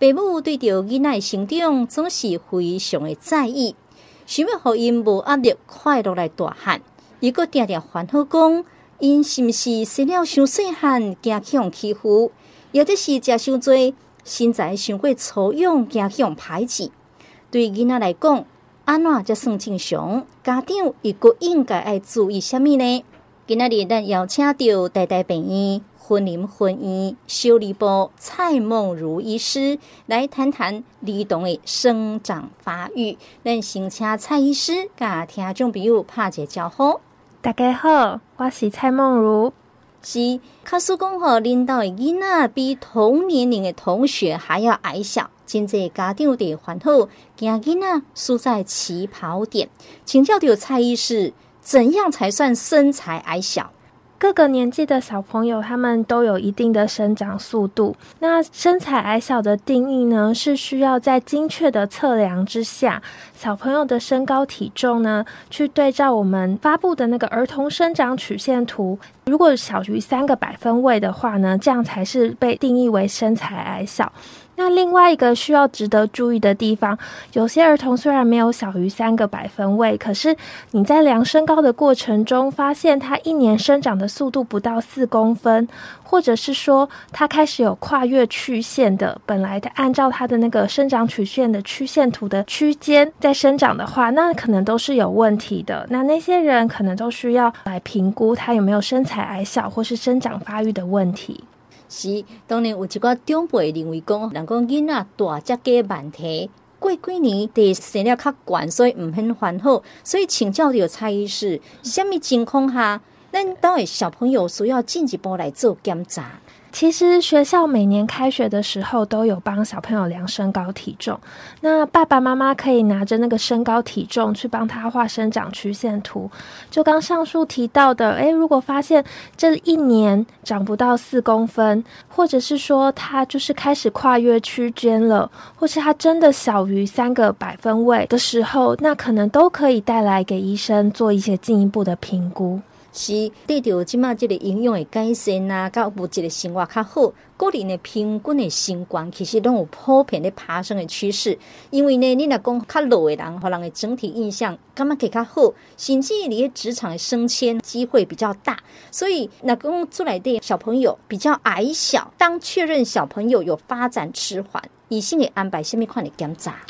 父母對着囡仔成長總是非常的在意，想要讓因無壓力、快樂來大漢。如果常常反复講，因是不是生了太細漢，加強欺負，或者是食太多，身材太過粗壯，加強排斥，對囡仔來講，安怎才算正常？家長一閣應該要注意什麼呢？今仔日咱邀請到臺大醫雲林分院小兒部蔡孟儒醫師來談談兒童的生長發育。咱先請蔡醫師甲聽眾朋友拍個招呼。大家好，我是蔡孟儒。是，卡蘇公和領導的囡仔比同年齡的同學還要矮小，真濟家長得煩惱，驚囡仔輸在起跑點。請教的有蔡醫師，怎樣才算身材矮小？各個年紀的小朋友，他們都有一定的生長速度。那身材矮小的定義呢，是需要在精確的測量之下，小朋友的身高體重呢，去對照我們發布的那個兒童生長曲線圖。如果小於三個百分位的話呢，這樣才是被定義為身材矮小。那另外一個需要值得注意的地方，有些兒童雖然沒有小於三個百分位，可是你在量身高的過程中發現他一年生長的速度不到四公分，或者是說他開始有跨越曲線的，本來他按照他的那個生長曲線的曲線圖的區間在生長的話，那可能都是有問題的。那那些人可能都需要來評估他有沒有身材矮小或是生長發育的問題。是，當然有一個長輩認為講，人講囡仔大只加問題，過幾年體生得生了較懸，所以毋免煩惱。所以請教著蔡醫師，什麼情況下咱倒位小朋友需要進一步來做檢查？其實學校每年開學的時候都有幫小朋友量身高體重，那爸爸媽媽可以拿着那個身高體重去幫他畫生長曲線圖。就剛上述提到的，誒，如果發現這一年長不到四公分，或者是說他就是開始跨越區間了，或是他真的小於三個百分位的時候，那可能都可以帶來給醫生做一些進一步的評估。是對着即馬即個營養的改善啊，甲物質的生活較好，個人的平均的身高其實攏有普遍的爬升的趨勢。因為呢，你若講較弱的人，互人的整體印象感覺會較好，甚至你的職場的升遷機會比較大。所以，哪個出來的小朋友比較矮小？當確認小朋友有發展遲緩，醫生會安排啥物款的檢查？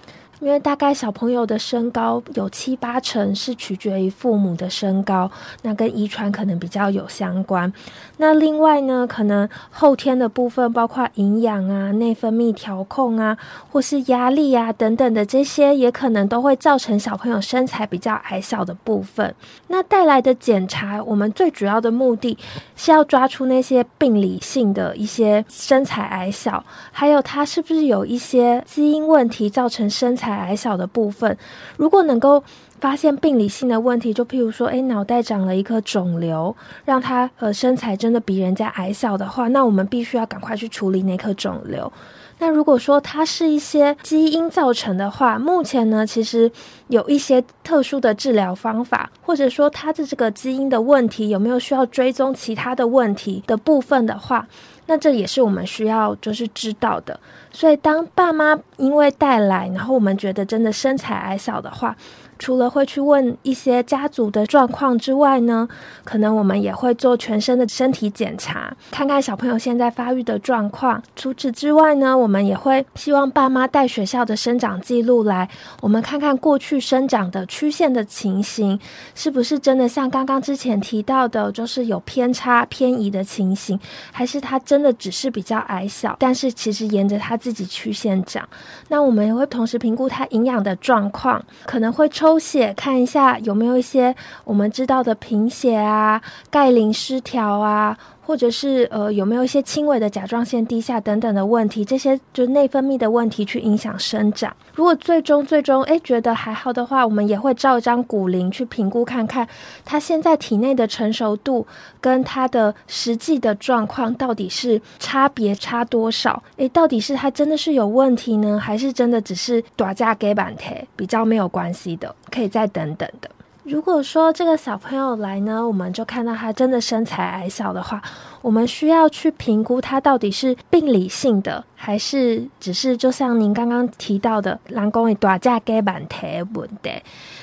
因為大概小朋友的身高有七八成是取決於父母的身高，那跟遺傳可能比較有相關。那另外呢，可能後天的部分，包括營養啊、內分泌調控啊，或是壓力啊等等的這些，也可能都會造成小朋友身材比較矮小的部分。那帶來的檢查，我們最主要的目的是要抓出那些病理性的一些身材矮小，還有他是不是有一些基因問題造成身材。矮小的部分，如果能夠發現病理性的問題，就譬如說，誒，腦袋長了一顆腫瘤，讓他呃身材真的比人家矮小的話，那我們必須要趕快去處理那顆腫瘤。那如果說它是一些基因造成的話，目前呢，其實有一些特殊的治療方法，或者說他的這個基因的問題有沒有需要追蹤其他的問題的部分的話。那這也是我們需要就是知道的，所以當爸媽因為帶來，然後我們覺得真的身材矮小的話。除了會去問一些家族的狀況之外呢，可能我們也會做全身的身體檢查，看看小朋友現在發育的狀況。除此之外呢，我們也會希望爸媽帶學校的生長記錄來，我們看看過去生長的曲線的情形，是不是真的像剛剛之前提到的，就是有偏差偏移的情形，還是他真的只是比較矮小，但是其實沿着他自己曲線長。那我們也會同時評估他營養的狀況，可能會抽。抽血看一下有沒有一些我們知道的貧血啊、鈣磷失調啊。或者是呃有沒有一些輕微的甲狀腺低下等等的問題，這些就是內分泌的問題去影響生長。如果最終最終哎覺得還好的話，我們也會照一張骨齡去評估看看，他現在體內的成熟度跟他的實際的狀況到底是差別差多少？誒，到底是他真的是有問題呢，還是真的只是大隻雞慢啼，比較沒有關係的，可以再等等的。如果說這個小朋友來呢，我們就看到他真的身材矮小的話，我們需要去評估他到底是病理性的，還是只是就像您剛剛提到的，人家說的大隻雞慢啼的問題，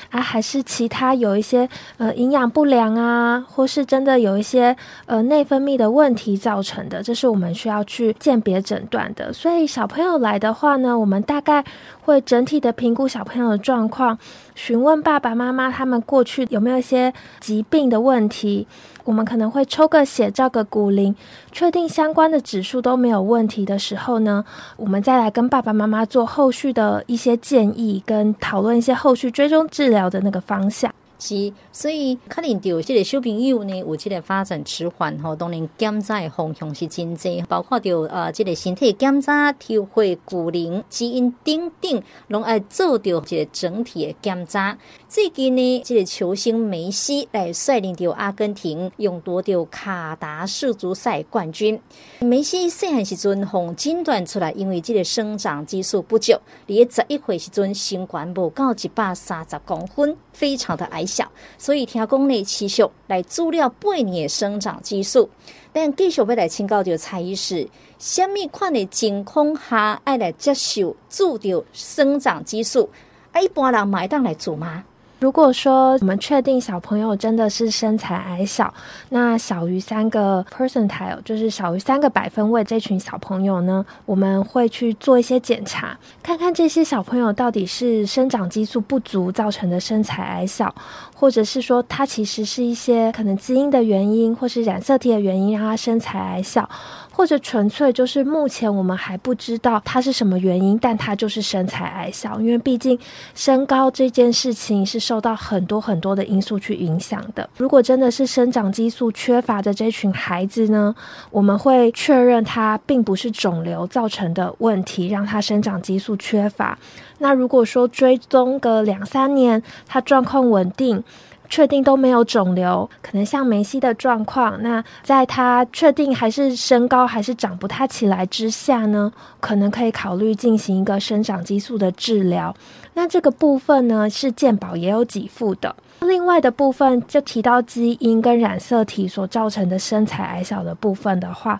啊，還是其他有一些呃營養不良啊，或是真的有一些呃內分泌的問題造成的，這是我們需要去鑑別診斷的。所以小朋友來的話呢，我們大概會整體的評估小朋友的狀況，詢問爸爸媽媽他們過去有沒有一些疾病的問題。我們可能會抽個血，照個骨齡，確定相關的指數都沒有問題的時候呢，我們再來跟爸爸媽媽做後續的一些建議，跟討論一些後續追蹤治療的那個方向。是，所以可能就這個小朋友呢，有這個發展遲緩吼，當然檢查的方向是真濟，包括着呃，這個身體檢查、抽血骨齡、基因等等，攏愛做着一個整體的檢查。最近呢，這個球星梅西來率領着阿根廷，用奪得卡達世足賽冠軍。梅西細漢時陣互診斷出來，因為這個生長激素不足，連十一歲時陣身高無到一百三十公分，非常的矮。所以聽講你去上來注射八年生長激素，但繼續要來請教就蔡醫師，什麼款的情況下愛來接受治療生長激素？一般人嘛會當來做嗎？如果說我們確定小朋友真的是身材矮小，那小於三個 percentile，就是小於三個百分位這群小朋友呢，我們會去做一些檢查，看看這些小朋友到底是生長激素不足造成的身材矮小。或者是說，它其實是一些可能基因的原因，或是染色體的原因，讓他身材矮小，或者純粹就是目前我們還不知道它是什麼原因，但他就是身材矮小，因為畢竟身高這件事情是受到很多很多的因素去影響的。如果真的是生長激素缺乏的這群孩子呢，我們會確認他並不是腫瘤造成的問題，讓他生長激素缺乏。那如果說追蹤個兩三年，他狀況穩定，確定都沒有腫瘤，可能像梅西的狀況，那在他確定還是身高還是長不太起來之下呢，可能可以考慮進行一個生長激素的治療。那這個部分呢，是健保也有給付的。另外的部分就提到基因跟染色體所造成的身材矮小的部分的話，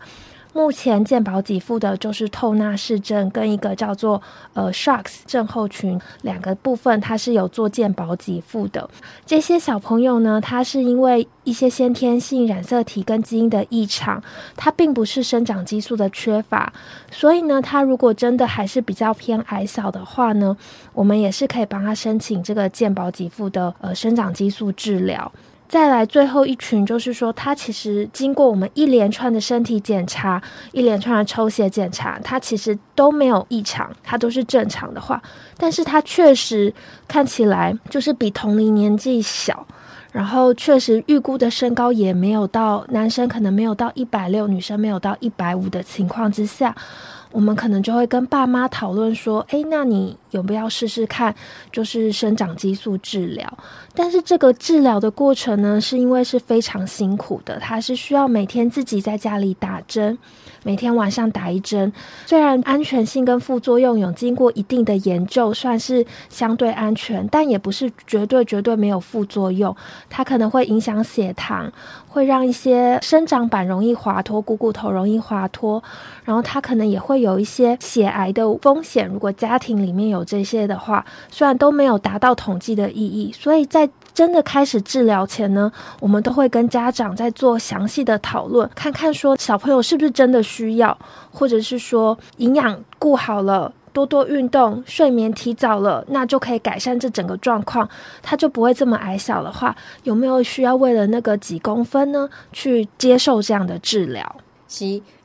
目前健保給付的就是透納氏症跟一個叫做呃 Sharks 症候群兩個部分，它是有做健保給付的。這些小朋友呢，他是因為一些先天性染色體跟基因的異常，他並不是生長激素的缺乏，所以呢，他如果真的還是比較偏矮小的話呢，我們也是可以幫他申請這個健保給付的呃生長激素治療。再來最後一群，就是說他其實經過我們一連串的身體檢查，一連串的抽血檢查，他其實都沒有異常，他都是正常的話，但是他確實看起來就是比同齡年紀小，然後確實預估的身高也沒有到，男生可能沒有到一百六，女生沒有到一百五的情況之下。我們可能就會跟爸媽討論說：“哎、欸，那你有沒有試試看，就是生長激素治療？但是這個治療的過程呢，是因為是非常辛苦的，他是需要每天自己在家裡打針。”每天晚上打一針，雖然安全性跟副作用有經過一定的研究，算是相對安全，但也不是絕對絕對沒有副作用。它可能會影響血糖，會讓一些生長板容易滑脫，股骨頭容易滑脫，然後它可能也會有一些血癌的風險。如果家庭裡面有這些的話，雖然都沒有達到統計的意義，所以在，真的開始治療前呢，我們都會跟家長在做詳細的討論，看看說小朋友是不是真的需要，或者是說營養顧好了，多多運動，睡眠提早了，那就可以改善這整個狀況，他就不會這麼矮小的話，有沒有需要為了那個幾公分呢，去接受這樣的治療？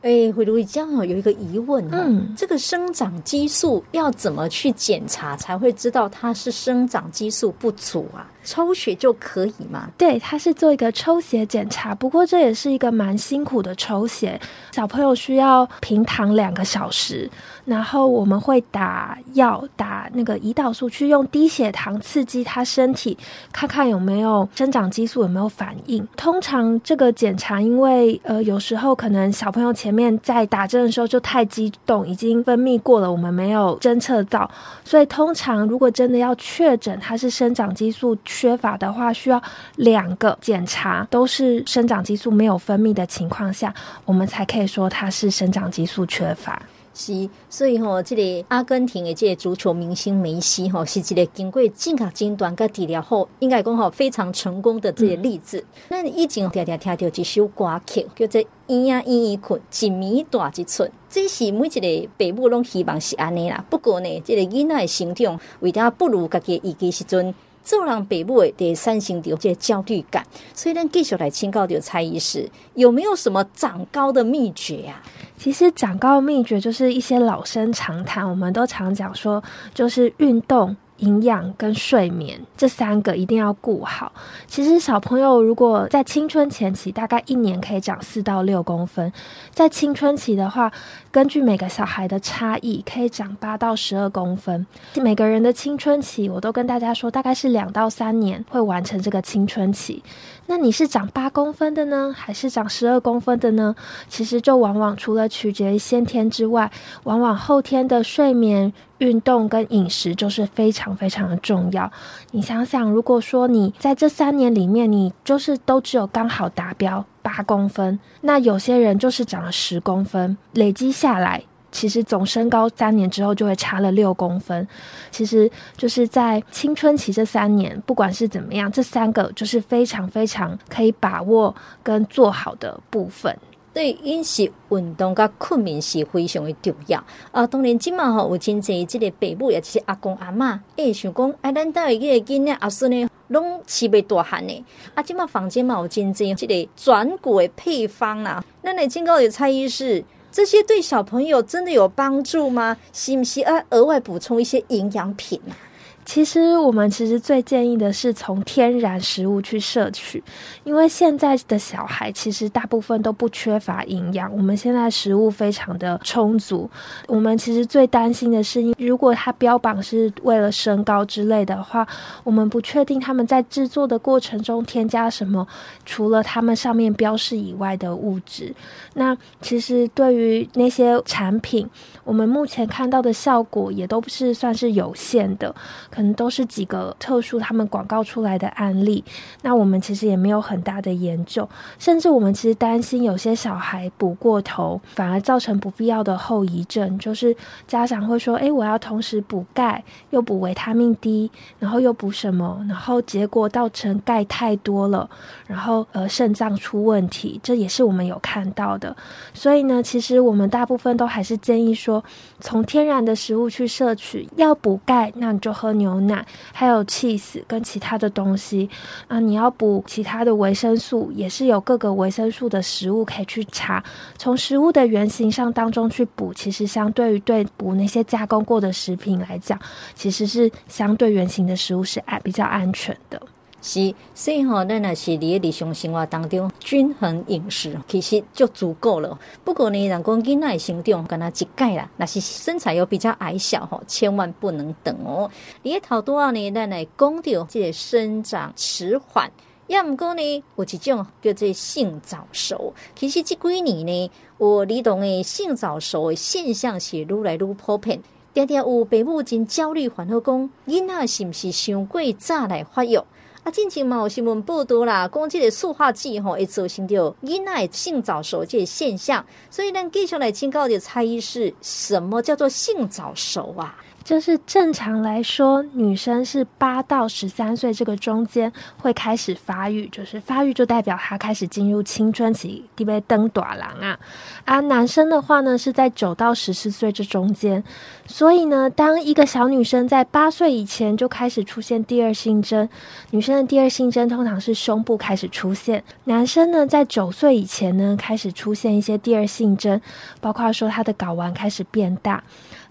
誒，會不會這樣？有一個疑問哦，嗯，這個生長激素要怎麼去檢查才會知道它是生長激素不足啊？抽血就可以嗎？對，它是做一個抽血檢查，不過這也是一個蠻辛苦的抽血。小朋友需要平躺兩個小時，然後我們會打藥，打那個胰島素去用低血糖刺激他身體，看看有沒有生長激素有沒有反應。通常這個檢查，因為呃，有時候可能小朋友前面面在打針的時候就太激動，已經分泌過了，我們沒有偵測到，所以通常如果真的要確診它是生長激素缺乏的話，需要兩個檢查，都是生長激素沒有分泌的情況下，我們才可以說它是生長激素缺乏。是，所以吼、哦，即、這個阿根廷的即個足球明星梅西吼、哦，是一個經過正確診斷佮治療後，應該講吼非常成功的這個例子。那你、嗯、以前聽聽聽到一首歌曲，叫做《嬰仔嬰嬰睏》，一暝大一寸，這是每一個父母攏希望是安尼啦。不過呢，即、這個囡仔的成長，為啥不如家己預期時陣？就讓北部的三形有些焦慮感，所以讓我們繼續來請教蔡醫師有沒有什麼長高的秘訣呀、啊？其實長高的秘訣就是一些老生常談，我們都常講說，就是運動、營養跟睡眠這三個一定要顧好。其實小朋友如果在青春前期，大概一年可以長四到六公分，在青春期的話。根據每個小孩的差異，可以長八到十二公分。每個人的青春期，我都跟大家說，大概是兩到三年會完成這個青春期。那你是長八公分的呢？還是長十二公分的呢？其實就往往除了取決於先天之外，往往後天的睡眠、運動跟飲食就是非常非常的重要。你想想，如果說你在這三年裡面，你就是都只有剛好達標。八公分，那有些人就是長了十公分，累積下來，其實總身高三年之後就會差了六公分。其實就是在青春期這三年，不管是怎麼樣，這三個就是非常非常可以把握跟做好的部分。對飲食、因是運動、甲睏眠是非常的重要。啊，當然、哦，今嘛吼有真濟，即個父母也就是阿公阿嬤哎，會想講哎，咱帶的的呢一個囡仔，阿孫呢攏吃袂大漢誒。”啊，今嘛坊間嘛有真濟即個轉骨的配方啦、啊。咱來請教葉蔡醫師，是這些對小朋友真的有幫助嗎？是唔是啊，額外補充一些營養品啊？其實我們其實最建議的是從天然食物去攝取，因為現在的小孩其實大部分都不缺乏營養，我們現在食物非常的充足。我們其實最擔心的是，如果它標榜是為了身高之類的話，我們不確定他們在制作的過程中添加什麼，除了他們上面標示以外的物質。那其實對於那些產品，我們目前看到的效果也都不是算是有限的。可能都是幾個特殊他們廣告出來的案例，那我們其實也沒有很大的研究，甚至我們其實擔心有些小孩補過頭，反而造成不必要的後遺症，就是家長會說，哎，我要同時補鈣，又補維他命 D，然後又補什麼，然後結果造成鈣太多了，然後呃腎臟出問題，這也是我們有看到的。所以呢，其實我們大部分都還是建議說，從天然的食物去攝取，要補鈣，那你就喝。牛奶，還有 cheese 跟其他的東西，啊，你要補其他的維生素，也是有各個維生素的食物可以去查，從食物的原型上當中去補，其實相對於對補那些加工過的食品來講，其實是相對原型的食物是比較安全的。是，所以吼，咱也是佇咧日常生活當中均衡飲食，其實就足夠了。不過呢，人講囡仔的成長，敢若一改啦。若是身材又比較矮小吼，千萬不能等哦。佇咧頭拄仔呢，咱來講着即個生長遲緩，也毋過呢，有一種叫做性早熟。其實即幾年呢，有兒童誒，性早熟的現象是愈來愈普遍。定定有，爸母真焦慮煩惱，講囡仔是毋是傷過早來發育。啊，近期嘛，新聞報道啦，講這個塑化劑吼、喔，會造成到依賴性早熟這個現象，所以咱繼續來請教一下蔡醫師，什麼叫做性早熟啊？就是正常來說，女生是八到十三歲這個中間會開始發育，就是發育就代表她開始進入青春期，因為轉大人啊。啊，男生的話呢是在九到十四歲這中間，所以呢，當一個小女生在八歲以前就開始出現第二性徵，女生的第二性徵通常是胸部開始出現；男生呢在九歲以前呢開始出現一些第二性徵，包括說他的睾丸開始變大。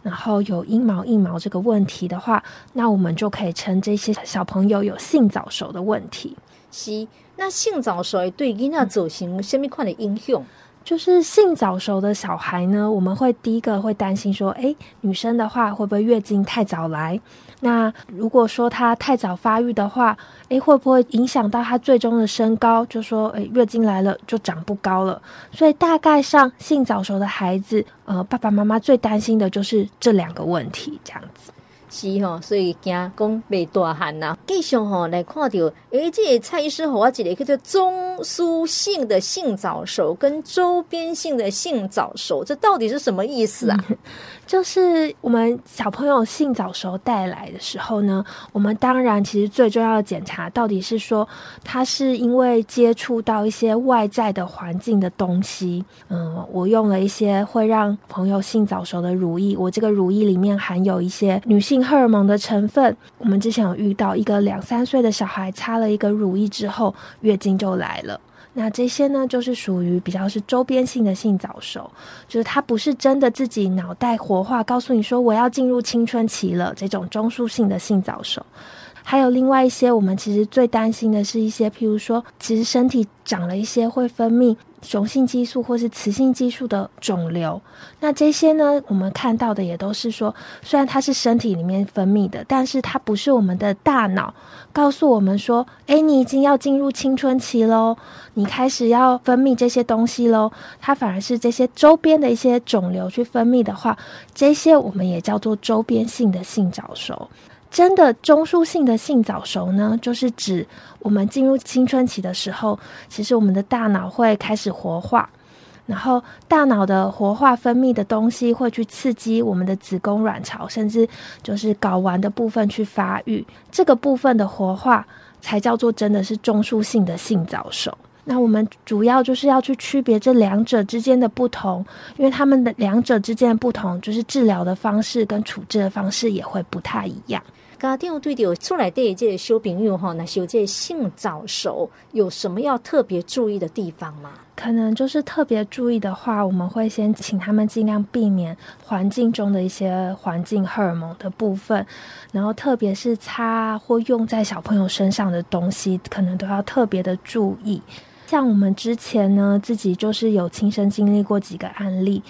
然後有陰毛、陰毛這個問題的話，那我們就可以稱這些小朋友有性早熟的問題。C，那性早熟對囡仔造成什麼款的影響？嗯就是性早熟的小孩呢，我們會第一個會擔心說，哎，女生的話會不會月經太早來？那如果說她太早發育的話，哎，會不會影響到她最終的身高？就說，哎，月經來了就長不高了。所以大概上性早熟的孩子，呃，爸爸媽媽最擔心的就是這兩個問題，這樣子。是吼、哦，所以講講未大汗。吶。繼續吼來看到，誒、欸、這個、蔡醫師和我這裡叫做中樞性的性早熟跟周邊性的性早熟，這到底是什麼意思啊？嗯、就是我們小朋友性早熟帶來的時候呢，我們當然其實最重要的檢查，到底是說他是因為接觸到一些外在的環境的東西。嗯，我用了一些會讓朋友性早熟的乳液，我這個乳液裡面含有一些女性。荷爾蒙的成分，我們之前有遇到一個兩三歲的小孩擦了一個乳液之後月經就來了。那這些呢，就是屬於比較是周邊性的性早熟，就是他不是真的自己腦袋活化告訴你說我要進入青春期了這種中樞性的性早熟。還有另外一些，我們其實最擔心的是一些，譬如說，其實身體長了一些會分泌。雄性激素或是雌性激素的腫瘤，那這些呢，我們看到的也都是說，雖然它是身體裡面分泌的，但是它不是我們的大腦告訴我們說，誒，欸，你已經要進入青春期嘍，你開始要分泌這些東西嘍。它反而是這些周邊的一些腫瘤去分泌的話，這些我們也叫做周邊性的性早熟。真的中樞性的性早熟呢，就是指我們進入青春期的時候，其實我們的大腦會開始活化，然後大腦的活化分泌的東西會去刺激我們的子宮卵巢，甚至就是睾丸的部分去發育，這個部分的活化才叫做真的是中樞性的性早熟。那我們主要就是要去區別這兩者之間的不同，因為他們的兩者之間的不同，就是治療的方式跟處置的方式也會不太一樣。那第二點，出來對一些修品育哈，那修這性早熟，有什麼要特別注意的地方嗎？可能就是特別注意的話，我們會先請他們儘量避免環境中的一些環境荷爾蒙的部分，然後特別是擦或用在小朋友身上的東西，可能都要特別的注意。像我們之前呢，自己就是有親身經歷過幾個案例。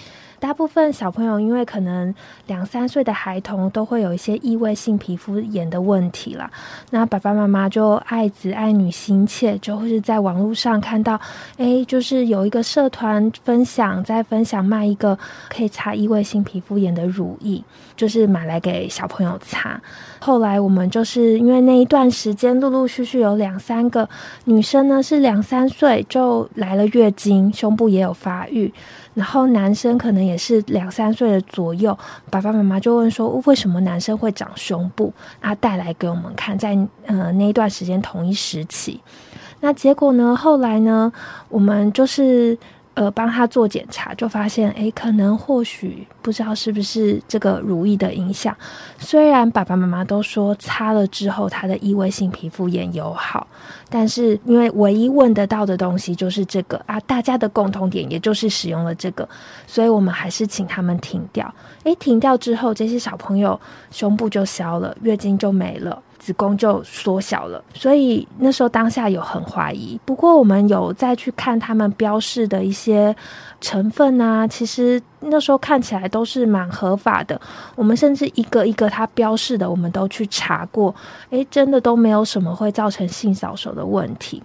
大部分小朋友因為可能兩三歲的孩童都會有一些異位性皮膚炎的問題了，那爸爸媽媽就愛子愛女心切，就會是在網絡上看到，誒，就是有一個社團分享，在分享賣一個可以擦異位性皮膚炎的乳液，就是買來給小朋友擦。後來我們就是因為那一段時間，陸陸續續有兩三個女生呢，是兩三歲就來了月經，胸部也有發育，然後男生可能也是兩三歲的左右，爸爸媽媽就問說為什麼男生會長胸部，他、啊、帶來給我們看，在嗯、呃、那一段時間同一時期，那結果呢，後來呢，我們就是。呃，幫他做檢查，就發現，哎，可能或許不知道是不是這個乳液的影響。雖然爸爸媽媽都說擦了之後他的異位性皮膚炎有好，但是因為唯一問得到的東西就是這個啊，大家的共同點也就是使用了這個，所以我們還是請他們停掉。哎，停掉之後，這些小朋友胸部就消了，月經就沒了。子宮就縮小了，所以那時候當下有很懷疑。不過我們有再去看他們標示的一些成分呢、啊，其實那時候看起來都是蠻合法的。我們甚至一個一個他標示的，我們都去查過，誒、欸，真的都沒有什麼會造成性早熟的問題。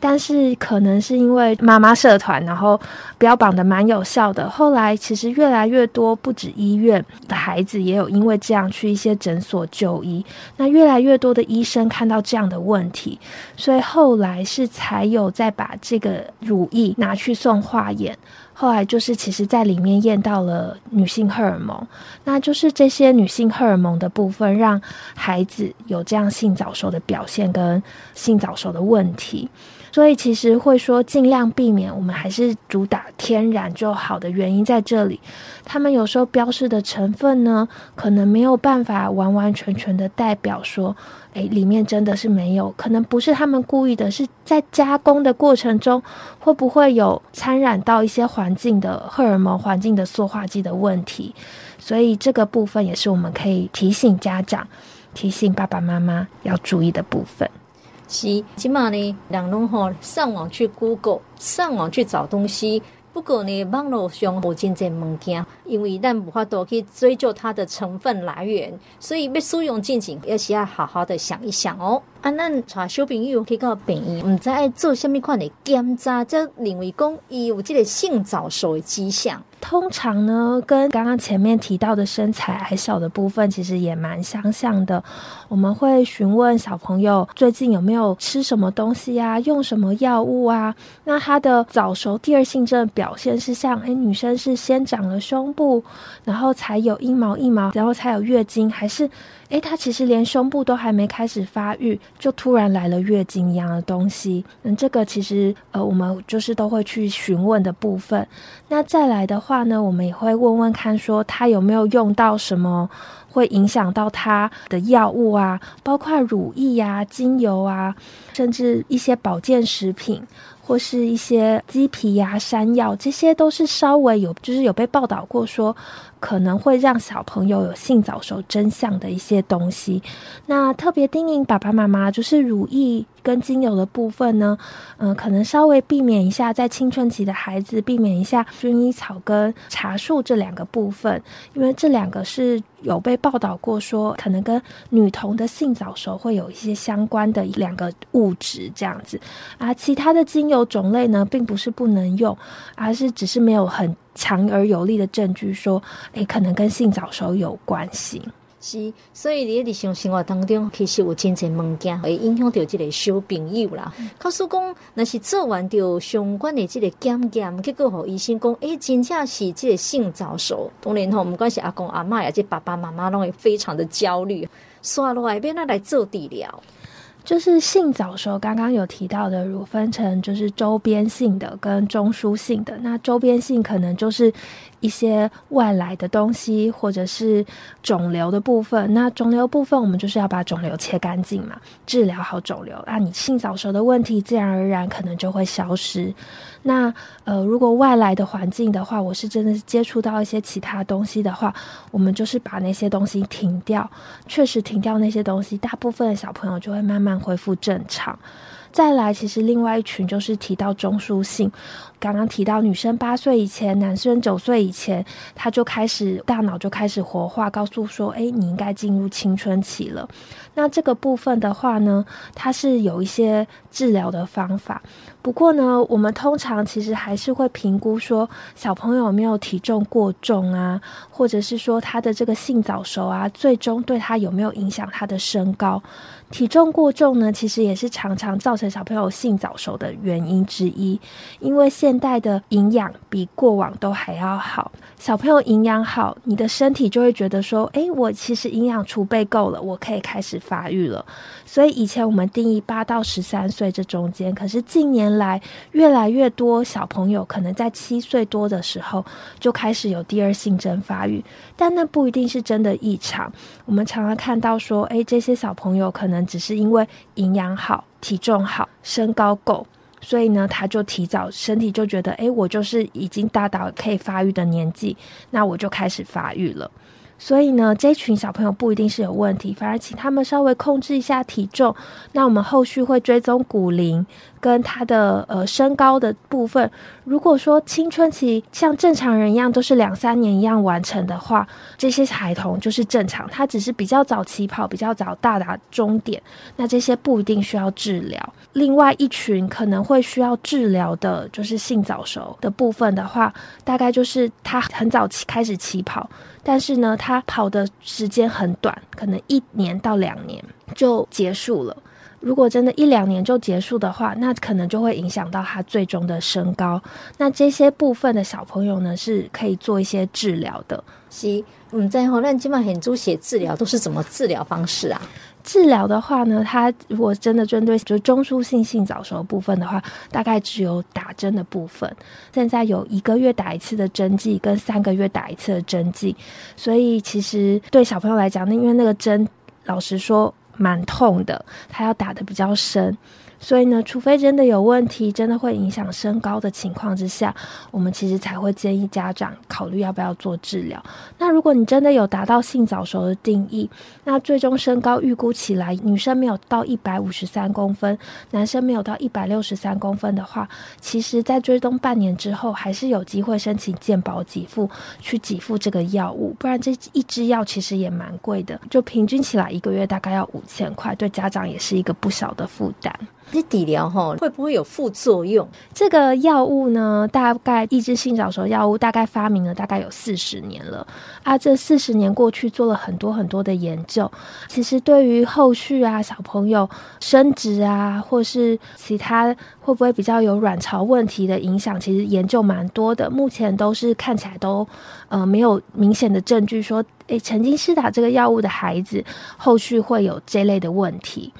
但是可能是因為媽媽社團，然後標榜的蠻有效的。後來其實越來越多，不止醫院的孩子也有因為這樣去一些診所就醫。那越來越多的醫生看到這樣的問題，所以後來是才有再把這個乳液拿去送化驗。後來就是，其實在裡面驗到了女性荷爾蒙，那就是這些女性荷爾蒙的部分，讓孩子有這樣性早熟的表現跟性早熟的問題，所以其實會說盡量避免，我們還是主打天然就好的原因在這裡。他們有時候標示的成分呢，可能沒有辦法完完全全的代表說。哎，裡面真的是沒有，可能不是他們故意的，是在加工的過程中，會不會有摻染，染到一些環境的荷爾蒙、環境的塑化劑的問題？所以這個部分也是我們可以提醒家長、提醒爸爸媽媽要注意的部分。是，起起碼呢，兩龍吼，上網去 Google，上網去找東西。不過呢，網絡上有真濟物件，因為咱無法度去追究它的成分來源，所以要使用之前也是要好好的想一想哦。啊，咱帶小朋友去到病院，唔知愛做啥物款的檢查，則認為講伊有這個性早熟的跡象。通常呢，跟剛剛前面提到的身材矮小的部分，其實也蠻相像的。我們會詢問小朋友最近有沒有吃什麼東西啊，用什麼藥物啊？那他的早熟第二性徵表現是像，哎、欸，女生是先長了胸部，然後才有陰毛、陰毛，然後才有月經，還是，哎、欸，她其實連胸部都還沒開始發育？就突然來了月經一樣的東西，嗯，這個其實呃，我們就是都會去詢問的部分。那再來的話呢，我們也會問問看，說他有沒有用到什麼會影響到他的藥物啊，包括乳液啊、精油啊，甚至一些保健食品。或是一些雞皮呀、啊、山藥，這些都是稍微有，就是有被報道過說，說可能會讓小朋友有性早熟真相的一些東西。那特別叮嚀爸爸媽媽，就是如意。跟精油的部分呢，嗯、呃，可能稍微避免一下在青春期的孩子，避免一下薰衣草跟茶樹這兩個部分，因為這兩個是有被報道過說，可能跟女童的性早熟會有一些相關的兩個物質這樣子。啊，其他的精油種類呢，並不是不能用，而、啊、是只是沒有很強而有力的證據說，哎，可能跟性早熟有關係。是，所以你日常生活當中，其實有真儕物件會影響到這個小朋友啦。告訴講那是做完掉相關的這個檢查，結果，互醫生講，誒、欸，真正是這個性早熟。當然吼，毋管是阿公阿嬤，還是爸爸媽媽，攏會非常的焦慮。耍落外邊，那來做治療，就是性早熟。剛剛有提到的，乳分成就是周邊性的跟中樞性的。那周邊性可能就是。一些外來的東西，或者是腫瘤的部分。那腫瘤部分，我們就是要把腫瘤切乾淨嘛，治療好腫瘤，那、啊、你性早熟的問題，自然而然可能就會消失。那呃，如果外來的環境的話，我是真的接觸到一些其他東西的話，我們就是把那些東西停掉，確實停掉那些東西，大部分的小朋友就會慢慢恢復正常。再來，其實另外一群就是提到中樞性，剛剛提到女生八歲以前，男生九歲以前，他就開始大腦就開始活化，告訴說，誒，你應該進入青春期了。那這個部分的話呢，它是有一些治療的方法。不過呢，我們通常其實還是會評估說，小朋友有沒有體重過重啊，或者是說他的這個性早熟啊，最終對他有沒有影響他的身高。體重過重呢，其實也是常常造成小朋友性早熟的原因之一。因為現代的營養比過往都還要好，小朋友營養好，你的身體就會覺得說：誒，我其實營養儲備夠了，我可以開始發育了。所以以前我們定義八到十三歲這中間，可是近年來越來越多小朋友可能在七歲多的時候就開始有第二性徵發育，但那不一定是真的異常。我們常常看到說，哎、欸，這些小朋友可能只是因為營養好、體重好、身高夠，所以呢，他就提早身體就覺得，哎、欸，我就是已經大到可以發育的年紀，那我就開始發育了。所以呢，這群小朋友不一定是有問題，反而請他們稍微控制一下體重。那我們後續會追蹤骨齡跟他的呃身高的部分。如果說青春期像正常人一樣都是兩三年一樣完成的話，這些孩童就是正常，他只是比較早起跑，比較早到達終點。那這些不一定需要治療。另外一群可能會需要治療的就是性早熟的部分的話，大概就是他很早起開始起跑。但是呢，他跑的時間很短，可能一年到兩年就結束了。如果真的一兩年就結束的話，那可能就會影響到他最終的身高。那這些部分的小朋友呢，是可以做一些治療的。行，嗯、哦，在好那基本上很多血治療都是怎麼治療方式啊？治療的話呢，它如果真的針對就是中樞性性早熟的部分的話，大概只有打針的部分。現在有一個月打一次的針劑，跟三個月打一次的針劑。所以其實對小朋友來講，那因為那個針，老實說蠻痛的，他要打得比較深。所以呢，除非真的有問題，真的會影響身高的情況之下，我們其實才會建議家長考慮要不要做治療。那如果你真的有達到性早熟的定義，那最終身高預估起來，女生沒有到一百五十三公分，男生沒有到一百六十三公分的話，其實在追蹤半年之後，還是有機會申請健保給付，去給付這個藥物。不然這一支藥其實也蠻貴的，就平均起來一個月大概要五千塊，對家長也是一個不小的負擔。這治療吼會不會有副作用？這個藥物呢，大概抑制性早熟藥物大概發明了大概有四十年了啊。這四十年過去做了很多很多的研究，其實對於後續啊小朋友生殖啊，或是其他會不會比較有卵巢問題的影響，其實研究蠻多的。目前都是看起來都呃沒有明顯的證據說，誒曾經施打這個藥物的孩子後續會有這類的問題。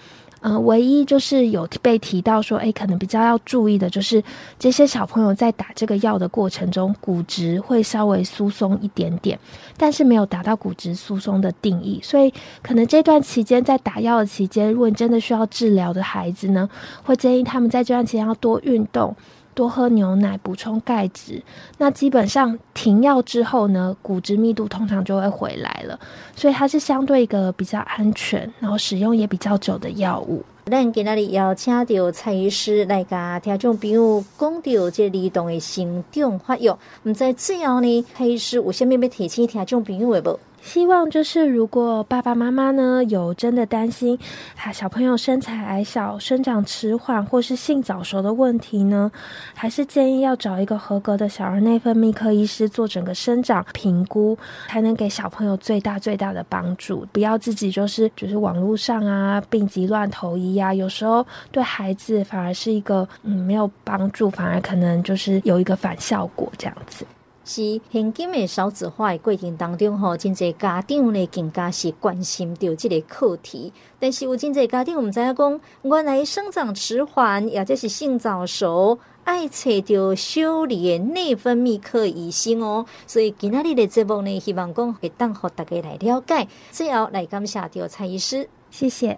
嗯、呃，唯一就是有被提到說，哎、欸，可能比較要注意的就是這些小朋友在打這個藥的過程中，骨質會稍微疏鬆一點點，但是沒有達到骨質疏鬆的定義，所以可能這段期間在打藥的期間，如果你真的需要治療的孩子呢，會建議他們在這段期間要多運動。多喝牛奶補充鈣質，那基本上停藥之後呢，骨質密度通常就會回來了，所以它是相對一個比較安全，然後使用也比較久的藥物。今天呢要請到蔡醫師來跟聽眾，朋友，講到這個兒童的生長發育，我們在這樣的開始，有什麼要提醒聽眾朋友的嗎？希望就是，如果爸爸媽媽呢有真的擔心他小朋友身材矮小、生長遲緩或是性早熟的問題呢，還是建議要找一個合格的小兒內分泌科醫師做整個生長評估，才能給小朋友最大最大的幫助。不要自己就是就是網路上啊，病急亂投醫啊，有時候對孩子反而是一個嗯，沒有幫助，反而可能就是有一個反效果這樣子。是現今的少子化的過程當中，吼，真儕家長呢更加是關心着這個課題。但是有真儕家長，毋知影講，原來生長遲緩，或者是性早熟，愛找着小兒的內分泌科醫生哦。所以今天的節目呢，希望講會當互大家來了解。最後來感謝掉蔡醫師，謝謝。